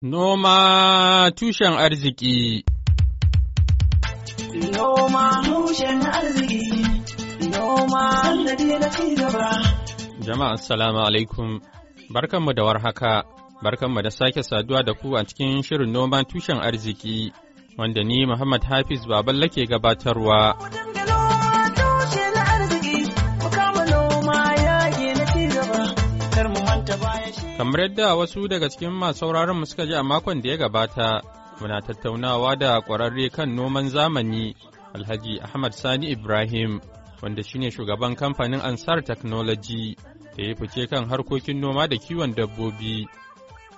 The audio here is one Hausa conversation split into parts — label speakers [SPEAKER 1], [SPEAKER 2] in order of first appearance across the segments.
[SPEAKER 1] Noma tushen arziki
[SPEAKER 2] Noma tushen arziki Noma da ci gaba
[SPEAKER 1] Jama'a assalamu alaikum barkanmu da warhaka barkanmu da sake saduwa da ku a cikin shirin noman tushen arziki wanda ni Muhammad Hafiz Baballa ke gabatarwa. Kamar yadda wasu daga cikin masu sauraron mu suka ji a makon da ya gabata, muna tattaunawa da kwararre kan noman zamani Alhaji Ahmad Sani Ibrahim, wanda shine shugaban kamfanin Ansar Technology da ya fice kan harkokin noma da kiwon dabbobi.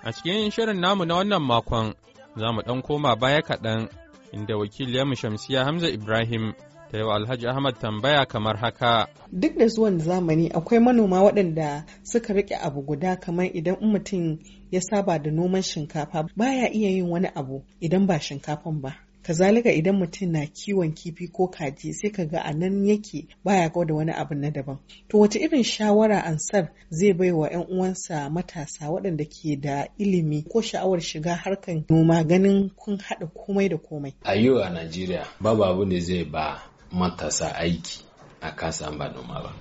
[SPEAKER 1] A cikin shirin namu na wannan makon, za mu ɗan koma baya kaɗan, inda wakiliyarmu Shamsiya Hamza Ibrahim ta yi Alhaji Ahmad tambaya kamar haka.
[SPEAKER 2] Duk da zuwan zamani akwai manoma waɗanda suka riƙe abu guda kamar idan mutum ya saba da noman shinkafa baya iya yin wani abu idan ba shinkafan ba. Kazalika idan mutum na kiwon kifi ko kaji sai ka ga a nan yake baya ga da wani abu na daban. To wace irin shawara ansar zai bai wa 'yan uwansa matasa waɗanda ke da ilimi ko sha'awar shiga harkar noma ganin kun haɗa komai da komai. A
[SPEAKER 3] yau a Najeriya babu abu da zai ba matasa aiki a kasa ba noma ba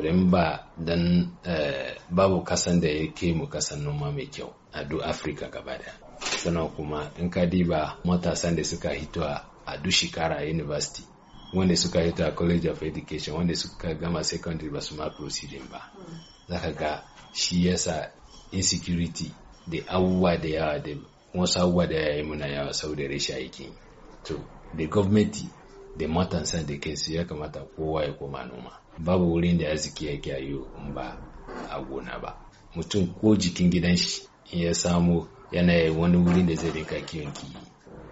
[SPEAKER 3] da ba don eh, babu kasan da ya ke mu kasan noma mai kyau a duk afirka gaba daya sannan kuma in ka diba matasan da suka hito a duk shekara a university wanda suka hito a college of education wanda suka gama secondary ba su ma proceeding ba zaka ga shi yasa insecurity da abubuwa da yawa da wasu abubuwa da yawa muna yawa da rashin aikin to the gwamnati da matasan da ke su ya kamata kowa ya koma noma babu wurin da arziki yake yi in ba a gona ba mutum ko jikin gidan shi ya samu yana yi wani wurin da zai rika kiwon kiyi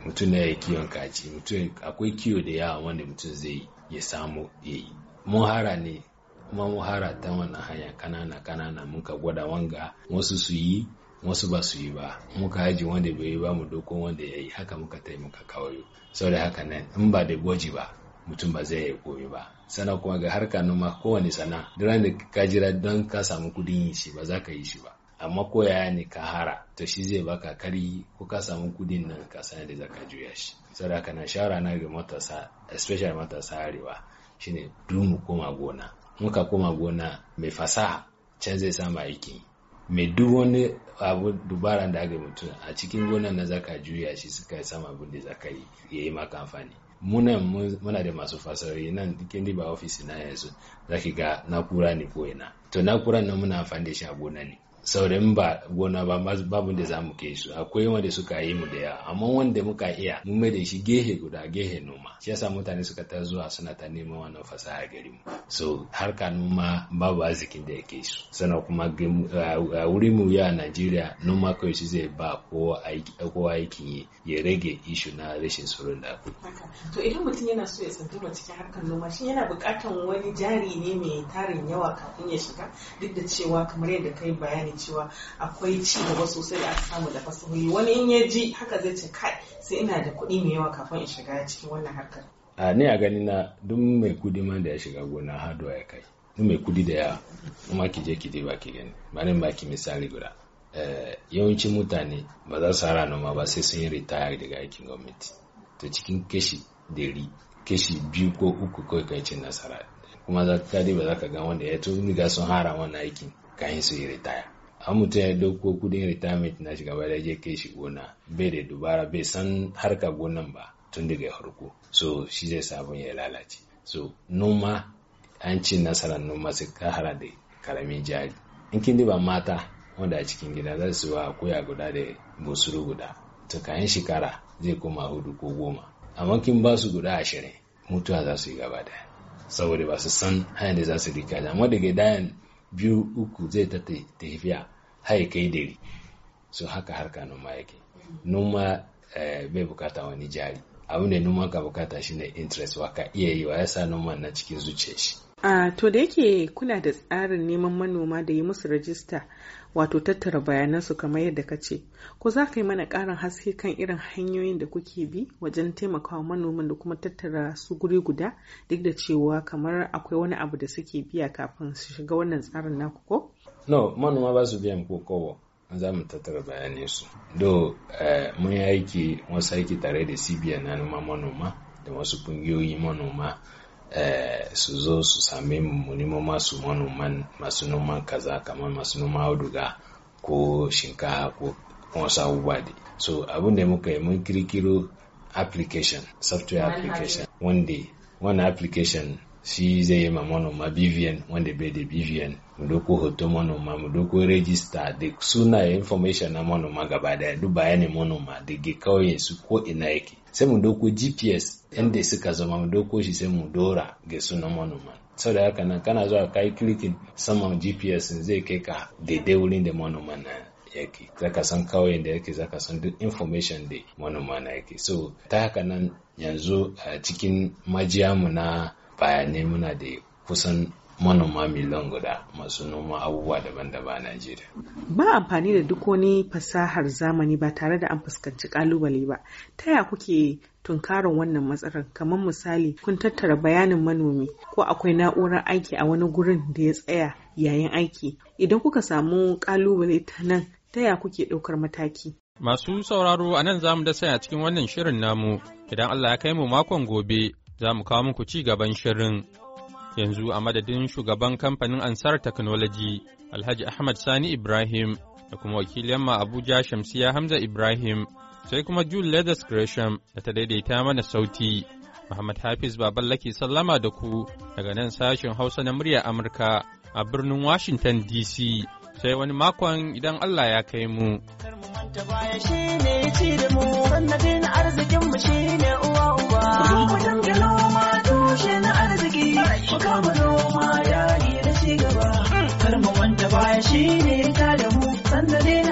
[SPEAKER 3] mutum na ya kiwon kaji mutum akwai kiwo da yawa wanda mutum zai ya samu ya yi muhara ne kuma muhara ta wannan hanya kanana kanana muka gwada wanga wasu su yi wasu ba su yi ba muka haji wanda bai yi ba mu dokon wanda ya yi haka muka taimaka kawai saboda haka nan in ba da gwaji ba mutum ba zai yi komi ba sana kuma ga harka numa kowane sana duran da ka jira don ka samu kudin yi shi ba za ka yi shi ba amma ko yaya ne ka hara to shi zai baka kari ko ka samu kudin nan ka sanya da zaka juya shi saboda haka na shawara na ga matasa especially matasa arewa shine dumu mu koma gona muka koma gona mai fasaha can zai samu yi mai duk wani abu dubara da aka mutum a cikin gonan na zaka juya shi suka yi sama abin da zaka yi ya yi maka amfani muna muna da masu fasari nan cikin riba ofis na yanzu zaki ga nakura ne ko ina to nakuran nan muna amfani da shi a gona ne sauran ba gona ba babu da zamu kai su akwai wanda suka yi mu da yawa amma wanda muka iya mun mai da shi gehe guda gehe noma shi yasa mutane suka ta zuwa suna ta neman wannan fasaha gari mu so harka noma babu arzikin da yake su sana kuma a wuri mu ya Najeriya noma kawai shi zai ba kowa aikin yi ya rage ishu na rashin tsoron da
[SPEAKER 2] to idan mutum yana so ya tsanduma cikin harkar noma shi yana buƙatar wani jari ne mai tarin yawa kafin ya shiga duk da cewa kamar yadda kai bayani cewa akwai ci gaba sosai da aka samu da fasahohi wani in ya ji haka zai ce kai sai ina da kuɗi mai yawa kafin in shiga cikin wannan harkar
[SPEAKER 3] a ne a gani na duk mai kudi ma da ya shiga gona haduwa ya kai duk mai kudi da ya kuma ki je ki je ba ki gani ba ne ba ki misali guda eh, yawancin mutane ba za su hara noma ba sai sun yi ritaya daga aikin gwamnati to cikin kashi dari kashi biyu ko uku kawai kai cin nasara kuma za ka dai ba za ka ga wanda ya tuni ga sun hara wannan aikin kayan su yi ritaya an mutum ya dauko kudin retirement na shi gaba da kai shi gona bai da dubara bai san harka gonan ba tun daga farko so shi zai sabon ya lalace so noma an ci nasarar noma su kahara da karamin jari in kin diba mata wanda a cikin gida za su wa koya guda da busuru guda to kayan shekara zai koma hudu ko goma amma kin ba su guda ashirin mutuwa za su yi gaba da saboda ba su san hanyar da za su rika amma daga dayan biyu uku zai ta tafiya hai kai dari so haka harka noma yake noma eh, bai bukata wani jari abin da noma ka bukata shine interest ka iya yi wa yasa noma na cikin zuciyar shi
[SPEAKER 2] a to da yake kuna da tsarin neman manoma da yi musu rajista wato tattara bayanansu kamar yadda ka ce ko za ka yi mana karin haske kan irin hanyoyin da kuke bi wajen taimakawa manoman da kuma tattara su guri guda duk da cewa kamar akwai wani abu da suke biya kafin su shiga wannan tsarin naku ko?
[SPEAKER 3] no manoma ba su biyan ko kowa za mu tattara bayanin su do eh, mun yi aiki wasu aiki tare da cbn na noma manoma da wasu kungiyoyi manoma eh, su zo su sami mu nemo masu manoman masu noman kaza kamar masu noman auduga ko shinkafa ko wasu abubuwa da so abin da muka yi mun kirkiro application software application wanda wannan application shi zai yi ma manoma bvn wanda bai da bvn mu doko hoto manoma mu doko rejista da sunaye information na manoma gaba daya duk bayanin manoma daga kauyen su ko ina e yake sai mu doko gps inda suka zama mu doko shi sai mu dora ga sunan manoma sau da haka nan kana zuwa kai kirkin saman gps zai kai ka daidai wurin da manoma na yake zaka san kauyen da yake zaka san duk information da manoma na yake so ta haka nan yanzu a cikin majiyamu na bayanai muna da kusan manoma miliyan guda masu noma abubuwa daban-daban a Najeriya.
[SPEAKER 2] Ba amfani da duk wani fasahar zamani ba tare da an fuskanci kalubale ba. Ta ya kuke tunkarin wannan matsalar kamar misali kun tattara bayanin manomi ko akwai na'urar aiki a wani gurin da ya tsaya yayin aiki. Idan kuka samu kalubale ta nan ta ya kuke ɗaukar mataki?
[SPEAKER 1] Masu sauraro a nan za mu da cikin wannan shirin namu idan Allah ya kai mu makon gobe za mu kawo muku ci gaban shirin. Yanzu a madadin shugaban kamfanin Ansar Technology, Alhaji Ahmad Sani Ibrahim, da kuma wakilin ma Abuja Shamsiya Hamza Ibrahim, sai kuma Jule Leathers Gresham da ta daidaita mana sauti. Muhammad Hafiz Baballake sallama da ku daga nan sashen Hausa na murya Amurka a birnin Washington DC. Sai wani makon idan Allah ya kai mu.
[SPEAKER 2] arzikin mu tushe na arziki mu kama noma yayi da ci gaba karma mu wanda baya shine ta da mu sanda